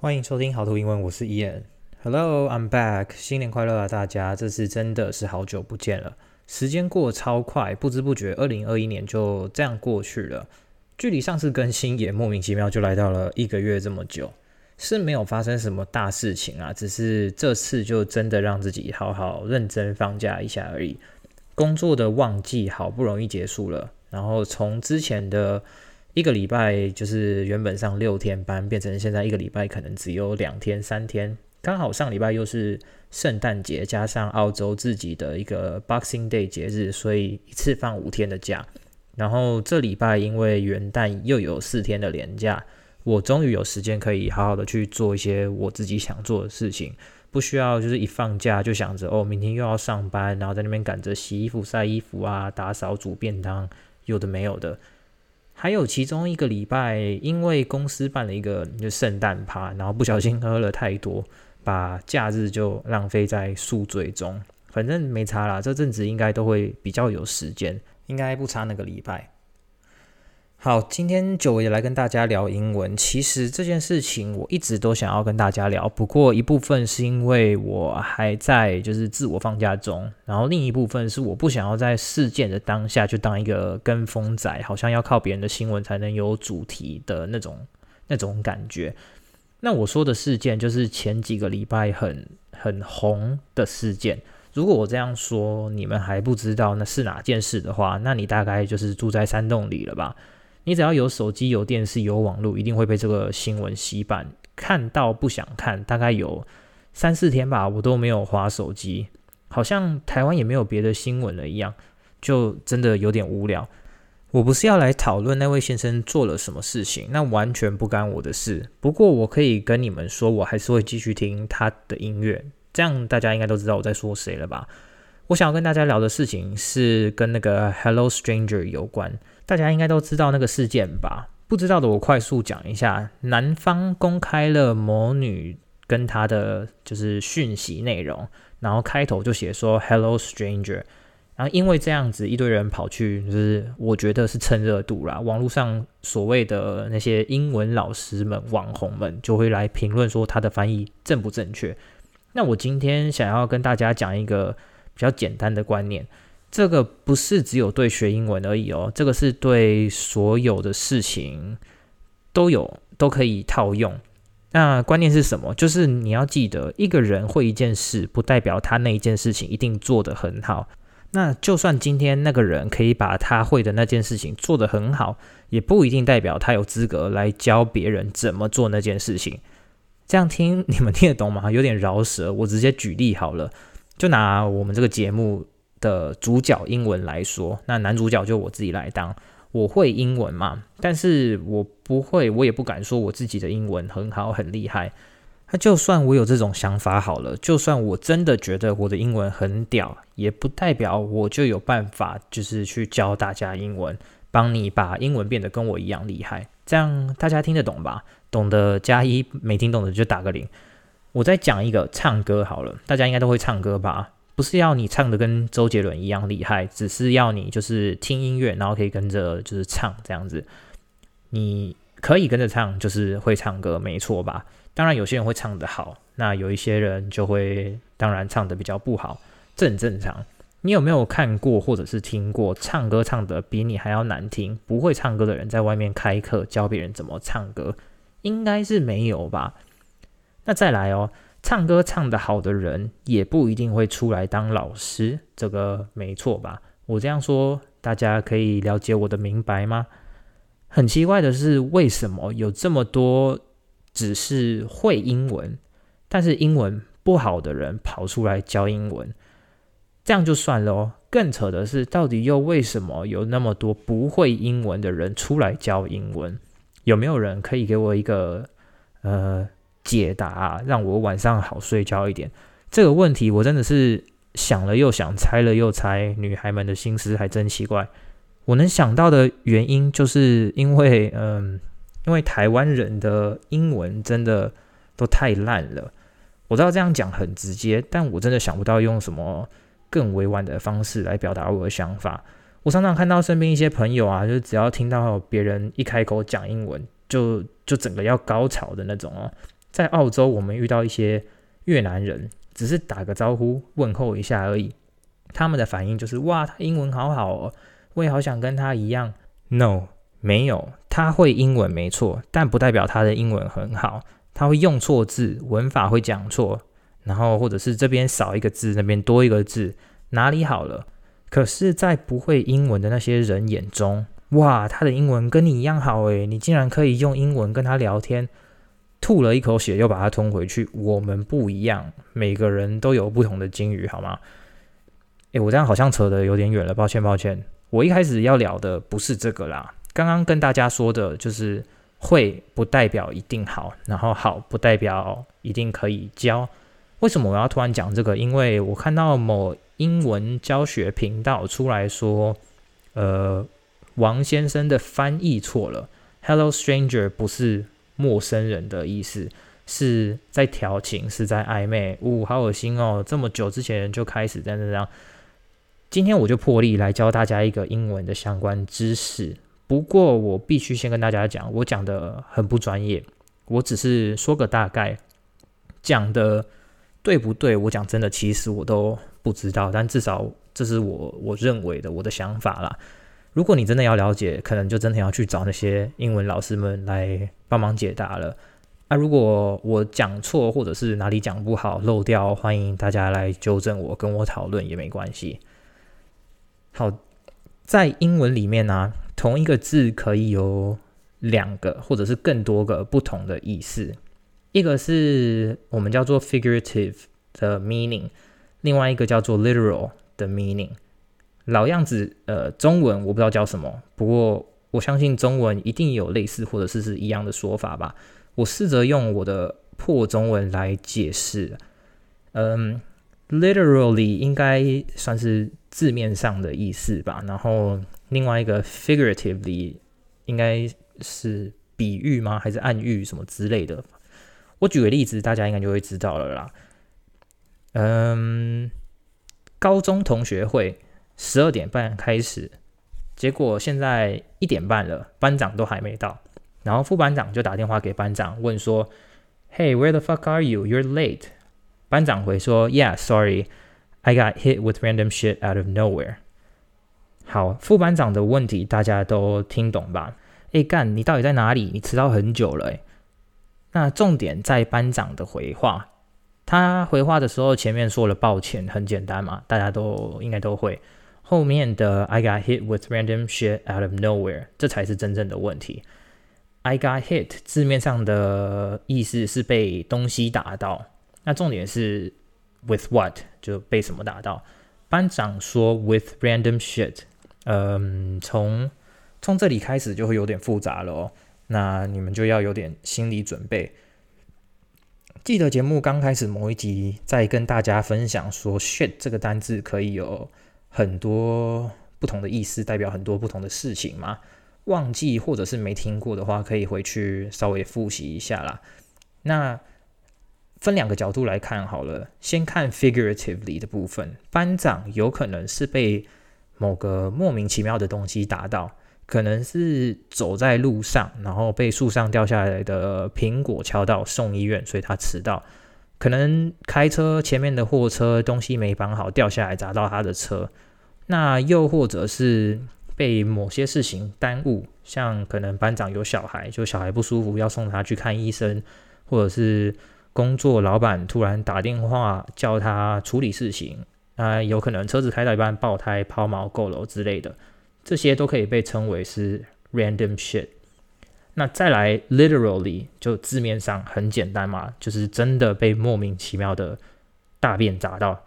歡迎收聽好圖英文，我是伊恩。Hello，I'm back。新年快樂啊，大家！這次真的是好久不見了，時間過得超快，不知不覺，二零二一年就這樣過去了。距離上次更新也莫名其妙就來到了一個月這麼久，是沒有發生什麼大事情啊，只是這次就真的讓自己好好認真放假一下而已。工作的旺季好不容易結束了，然後從之前的。一個禮拜就是原本上六天班，變成現在一個禮拜可能只有兩天、三天。剛好上禮拜又是聖誕節，加上澳洲自己的一個 Boxing Day 節日，所以一次放五天的假。然後這禮拜因為元旦又有四天的連假，我終於有時間可以好好的去做一些我自己想做的事情，不需要就是一放假就想着哦，明天又要上班，然後在那邊趕着洗衣服、曬衣服啊，打掃、煮便當，有的沒有的。還有其中一個禮拜，因為公司辦了一個就聖誕趴，然後不小心喝了太多，把假日就浪費在宿醉中。反正沒差啦，這陣子應該都會比較有時間，應該不差那個禮拜。好，今天久違來跟大家聊英文。其實這件事情我一直都想要跟大家聊，不過一部分是因為我還在就是自我放假中，然後另一部分是我不想要在事件的當下就當一個跟風仔，好像要靠別人的新聞才能有主題的那種那種感覺。那我說的事件就是前幾個禮拜很很紅的事件。如果我這樣說，你們還不知道那是哪件事的話，那你大概就是住在山洞裡了吧？你只要有手機、有電視、有網絡，一定會被這個新聞洗版。看到不想看，大概有三四天吧，我都沒有滑手機，好像台灣也沒有別的新聞了一樣，就真的有點無聊。我不是要來討論那位先生做了什麼事情，那完全不干我的事。不過我可以跟你們說，我還是會繼續聽他的音樂。這樣大家應該都知道我在說誰了吧？我想要跟大家聊的事情是跟那個《Hello Stranger》有關，大家應該都知道那個事件吧？不知道的我快速講一下：男方公開了某女跟他的就是訊息內容，然後開頭就寫說 “Hello Stranger”，然後因為這樣子，一堆人跑去就是我覺得是蹭熱度啦，網絡上所謂的那些英文老師們、網紅們就會來評論說他的翻譯正不正確。那我今天想要跟大家講一個。比較簡單的觀念，這個不是只有對學英文而已哦，這個是對所有的事情都有都可以套用。那觀念是什麼？就是你要記得，一個人會一件事，不代表他那一件事情一定做得很好。那就算今天那個人可以把他會的那件事情做得很好，也不一定代表他有資格來教別人怎麼做那件事情。這樣聽你們聽得懂嗎？有點饒舌，我直接舉例好了。就拿我們這個節目的主角英文來說，那男主角就我自己來當。我會英文嘛？但是我不會，我也不敢說我自己的英文很好很厲害。那就算我有這種想法好了，就算我真的覺得我的英文很屌，也不代表我就有辦法，就是去教大家英文，幫你把英文變得跟我一樣厲害。這樣大家聽得懂吧？懂的加一，沒聽懂的就打個零。我再講一個唱歌好了，大家應該都會唱歌吧？不是要你唱得跟周杰倫一樣厲害，只是要你就是聽音樂，然後可以跟着就是唱這樣子。你可以跟着唱，就是會唱歌，沒錯吧？當然有些人會唱得好，那有一些人就會當然唱得比較不好，這很正常。你有沒有看過或者是聽過唱歌唱得比你還要難聽，不會唱歌的人在外面開課教別人怎麼唱歌？應該是沒有吧？那再來哦，唱歌唱得好的人也不一定會出來當老師，這個沒錯吧？我這樣說，大家可以了解我的明白嗎？很奇怪的是，為什麼有這麼多只是會英文，但是英文不好的人跑出來教英文？這樣就算了哦。更扯的是，到底又為什麼有那麼多不會英文的人出來教英文？有沒有人可以給我一個，呃……解答啊，讓我晚上好睡覺一點。這個問題我真的是想了又想，猜了又猜。女孩們的心思還真奇怪。我能想到的原因就是因為，嗯，因為台灣人的英文真的都太爛了。我知道這樣講很直接，但我真的想不到用什麼更委婉的方式來表達我的想法。我常常看到身邊一些朋友啊，就只要聽到別人一開口講英文，就就整個要高潮的那種哦啊。在澳洲，我們遇到一些越南人，只是打個招呼、問候一下而已。他們的反應就是：“哇，他英文好好哦，我也好想跟他一樣。” No，沒有，他會英文沒錯，但不代表他的英文很好。他會用錯字，文法會講錯，然後或者是這邊少一個字，那邊多一個字，哪裡好了？可是，在不會英文的那些人眼中，哇，他的英文跟你一樣好誒！你竟然可以用英文跟他聊天。吐了一口血，又把它吞回去。我們不一樣，每個人都有不同的境遇，好嗎？誒、欸，我這樣好像扯得有點遠了，抱歉抱歉。我一開始要聊的不是這個啦。剛剛跟大家說的就是，會不代表一定好，然後好不代表一定可以教。為什麼我要突然講這個？因為我看到某英文教學頻道出來說，呃，王先生的翻譯錯了，“Hello Stranger” 不是。陌生人，的意思是在調情，是在曖昧。嗚、哦，好噁心哦！這麼久之前就開始在那這樣。今天我就破例來教大家一個英文的相關知識。不過我必須先跟大家講，我講得很不專業，我只是說個大概，講得對不對？我講真的，其實我都不知道。但至少這是我我認為的我的想法啦。如果你真的要了解，可能就真的要去找那些英文老師們來幫忙解答了。那、啊、如果我講錯，或者是哪裡講不好，漏掉，歡迎大家來糾正我，跟我討論也沒關係。好，在英文裡面呢、啊，同一個字可以有兩個或者是更多個不同的意思。一個是我們叫做 figurative 的 meaning，另外一個叫做 literal 的 meaning。老樣子，呃，中文我不知道叫什麼，不過我相信中文一定有類似或者是是一樣的說法吧。我試着用我的破中文來解釋。嗯、um,，literally 應該算是字面上的意思吧。然後另外一個 figuratively 應該是比喻嗎？還是暗喻什麼之類的？我舉個例子，大家應該就會知道了啦。嗯、um,，高中同學會。十二點半開始，結果現在一點半了，班長都還沒到，然後副班長就打電話給班長問說：“Hey, where the fuck are you? You're late.” 班長回說：“Yeah, sorry, I got hit with random shit out of nowhere.” 好，副班長的問題大家都聽懂吧？誒，幹，你到底在哪裡？你遲到很久了誒，那重點在班長的回話，他回話的時候前面說了抱歉，很簡單嘛，大家都應該都會。後面的 "I got hit with random shit out of nowhere" 這才是真正的問題。"I got hit" 字面上的意思是被東西打到，那重點是 "with what" 就被什麼打到。班長說 "with random shit"，嗯，從從這裡開始就會有點複雜了哦。那你們就要有點心理準備。記得節目剛開始某一集在跟大家分享說 "shit" 這個單字可以有。很多不同的意思，代表很多不同的事情嘛？忘記或者是沒聽過的話，可以回去稍微複習一下啦。那分兩個角度來看好了，先看 figuratively 的部分，班長有可能是被某個莫名其妙的東西打到，可能是走在路上，然後被樹上掉下來的蘋果敲到，送醫院，所以他遲到。可能開車，前面的貨車東西沒綁好掉下來砸到他的車，那又或者是被某些事情耽誤，像可能班長有小孩，就小孩不舒服要送他去看醫生，或者是工作老闆突然打電話叫他處理事情，啊，有可能車子開到一半爆胎、拋錨、漏油之類的，這些都可以被稱為是 random shit。那再來，literally 就字面上很簡單嘛，就是真的被莫名其妙的大便砸到，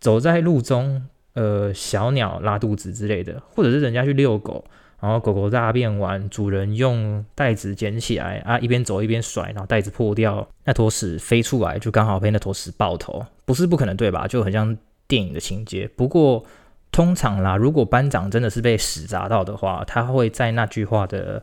走在路中，呃，小鳥拉肚子之類的，或者是人家去遛狗，然後狗狗大便完，主人用袋子撿起來啊，一邊走一邊甩，然後袋子破掉，那坨屎飛出來，就剛好被那坨屎爆頭，不是不可能對吧？就很像電影的情節。不過通常啦，如果班長真的是被屎砸到的話，他會在那句話的。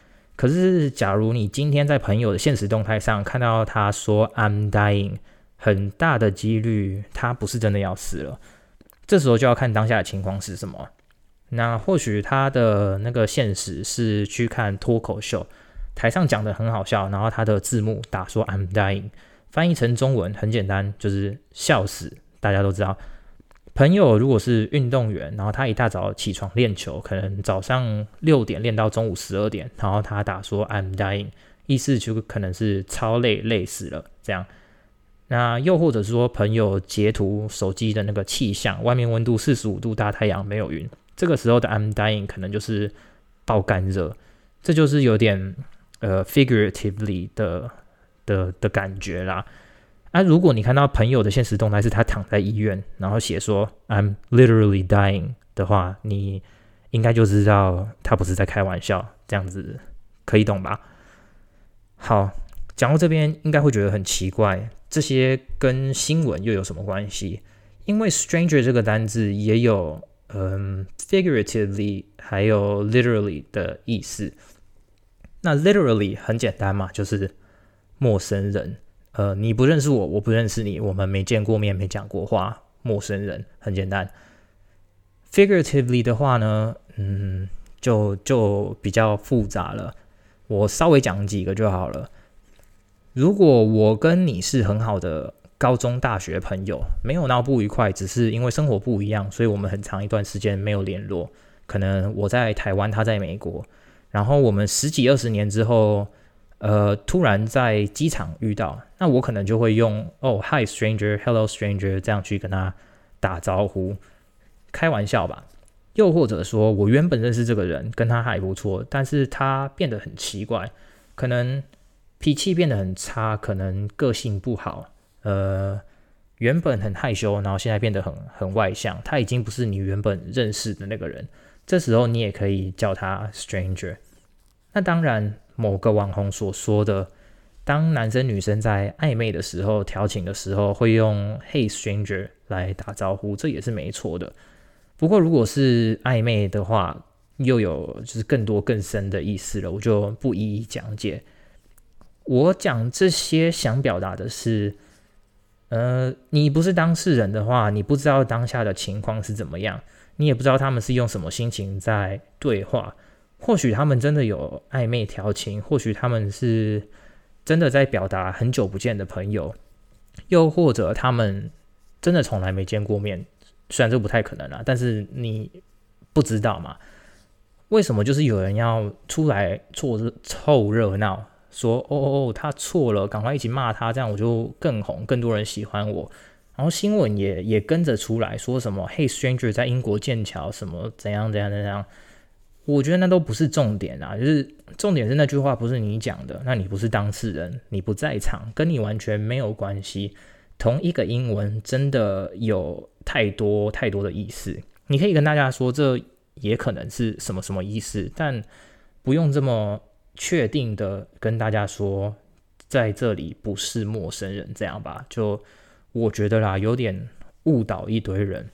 可是，假如你今天在朋友的限時動態上看到他說 “I'm dying”，很大的幾率他不是真的要死了。這時候就要看當下的情況是什麼。那或許他的那個限時是去看脫口秀，台上講得很好笑，然後他的字幕打說 “I'm dying”，翻譯成中文很簡單，就是笑死，大家都知道。朋友如果是運動員，然後他一大早起床練球，可能早上六點練到中午十二點，然後他打說 "I'm dying"，意思就可能是超累累死了，這樣。那又或者是說朋友截圖手機的那個氣象，外面溫度四十五度大太陽沒有雲，這個時候的 "I'm dying" 可能就是爆幹熱，這就是有點呃 figuratively 的的的的感覺啦。啊，如果你看到朋友的限時動態是他躺在醫院，然後寫說 "I'm literally dying" 的話，你應該就知道他不是在開玩笑，這樣子可以懂吧？好，講到這邊應該會覺得很奇怪，這些跟新聞又有什麼關係？因為 "stranger" 這個單字也有嗯，figuratively 還有 literally 的意思。那 literally 很簡單嘛，就是陌生人。呃，你不認識我，我不認識你，我們沒見過面，沒講過話，陌生人，很簡單。Figuratively 的話呢，嗯，就就比較複雜了。我稍微講幾個就好了。如果我跟你是很好的高中、大學朋友，沒有鬧不愉快，只是因為生活不一樣，所以我們很長一段時間沒有聯絡。可能我在台灣，他在美國，然後我們十幾、二十年之後。呃，突然在機場遇到，那我可能就會用哦，Hi stranger，Hello stranger，這樣去跟他打招呼，開玩笑吧。又或者說我原本認識這個人，跟他還不錯，但是他變得很奇怪，可能脾氣變得很差，可能個性不好，呃，原本很害羞，然後現在變得很很外向，他已經不是你原本認識的那個人，這時候你也可以叫他 stranger。那當然。某個網紅所說的，當男生女生在曖昧的時候、調情的時候，會用 “Hey stranger” 來打招呼，這也是沒錯的。不過，如果是曖昧的話，又有就是更多更深的意思了，我就不一一講解。我講這些想表達的是，呃，你不是當事人的話，你不知道當下的情況是怎麼樣，你也不知道他們是用什麼心情在對話。或許他們真的有曖昧調情，或許他們是真的在表達很久不見的朋友，又或者他們真的從來沒見過面。雖然這不太可能啦，啊，但是你不知道嘛？為什麼就是有人要出來湊熱湊熱鬧，說，哦哦哦，他錯了，趕快一起罵他，這樣我就更紅，更多人喜歡我。然後新聞也也跟着出來說什麼 “Hey Stranger” 在英國劍橋什麼怎樣怎樣怎樣。我覺得那都不是重點啦，就是重點是那句話不是你講的，那你不是當事人，你不在場，跟你完全沒有關係。同一個英文真的有太多太多的意思，你可以跟大家說這也可能是什麼什麼意思，但不用這麼確定的跟大家說在這裡不是陌生人，這樣吧，就我覺得啦，有點誤導一堆人。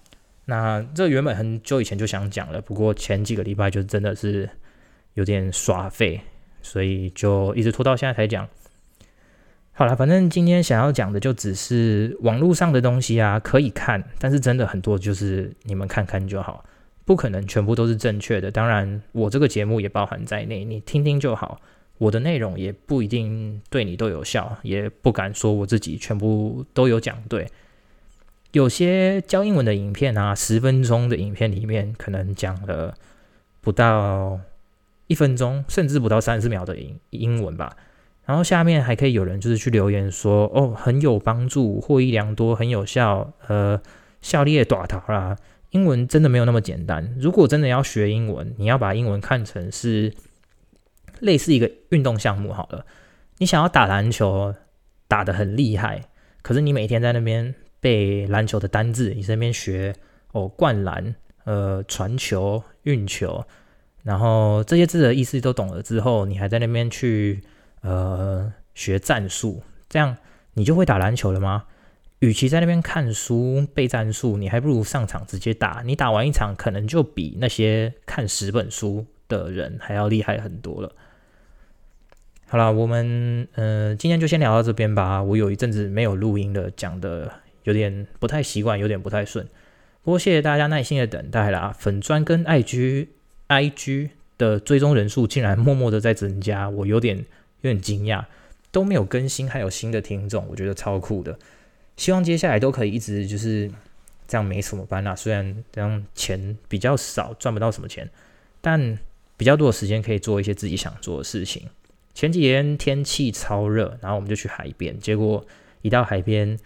那這原本很久以前就想講了，不過前幾個禮拜就真的是有點耍廢，所以就一直拖到現在才講。好啦，反正今天想要講的就只是網絡上的東西啊，可以看，但是真的很多就是你們看看就好，不可能全部都是正確的。當然，我這個節目也包含在內，你聽聽就好。我的內容也不一定對你都有效，也不敢說我自己全部都有講對。有些教英文的影片啊，十分鐘的影片裡面可能講了不到一分鐘，甚至不到三十秒的英英文吧。然後下面還可以有人就是去留言說：“哦，很有幫助，獲益良多，很有效，呃，效力也大套啦。”英文真的沒有那麼簡單。如果真的要學英文，你要把英文看成是類似一個運動項目好了。你想要打籃球打得很厲害，可是你每天在那邊。背籃球的單字，你在那邊學哦，灌籃、呃，傳球、運球，然後這些字的意思都懂了之後，你還在那邊去呃學戰術，這樣你就會打籃球了嗎？與其在那邊看書背戰術，你還不如上場直接打。你打完一場，可能就比那些看十本書的人還要厲害很多了。好了，我們呃今天就先聊到這邊吧。我有一陣子沒有錄音了，講的。有點不太習慣，有點不太順。不過謝謝大家耐心的等待啦。粉專跟 IG IG 的追蹤人數竟然默默的在增加，我有點有點驚訝。都沒有更新，還有新的聽眾，我覺得超酷的。希望接下來都可以一直就是這樣沒什麼班啦。雖然這樣錢比較少，賺不到什麼錢，但比較多的時間可以做一些自己想做的事情。前幾天天氣超熱，然後我們就去海邊，結果一到海邊。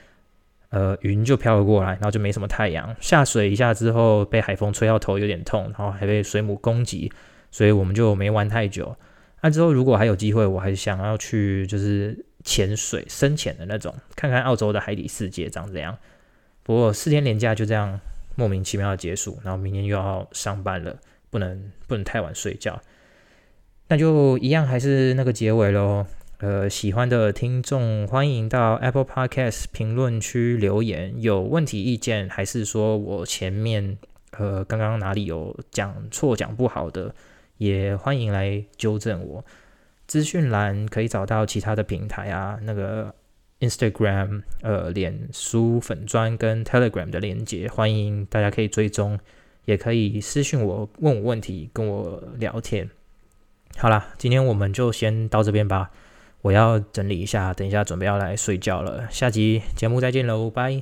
呃，雲就飄了過來，然後就沒什麼太陽。下水一下之後，被海風吹到頭有點痛，然後還被水母攻擊，所以我們就沒玩太久。那、啊、之後如果還有機會，我還想要去就是潛水，深潛的那種，看看澳洲的海底世界長怎樣。不過四天連假就這樣莫名其妙的結束，然後明天又要上班了，不能不能太晚睡覺。那就一樣，還是那個結尾嘍。呃，喜歡的聽眾歡迎到 Apple Podcast 評論區留言，有問題、意見，還是說我前面呃剛剛哪裡有講錯、講不好的，也歡迎來糾正我。資訊欄可以找到其他的平台啊，那個 Instagram、呃，臉書粉專跟 Telegram 的鏈接，歡迎大家可以追蹤，也可以私訊我問我問題，跟我聊天。好啦，今天我們就先到這邊吧。我要整理一下，等一下準備要來睡覺了。下集節目再見嘍，拜。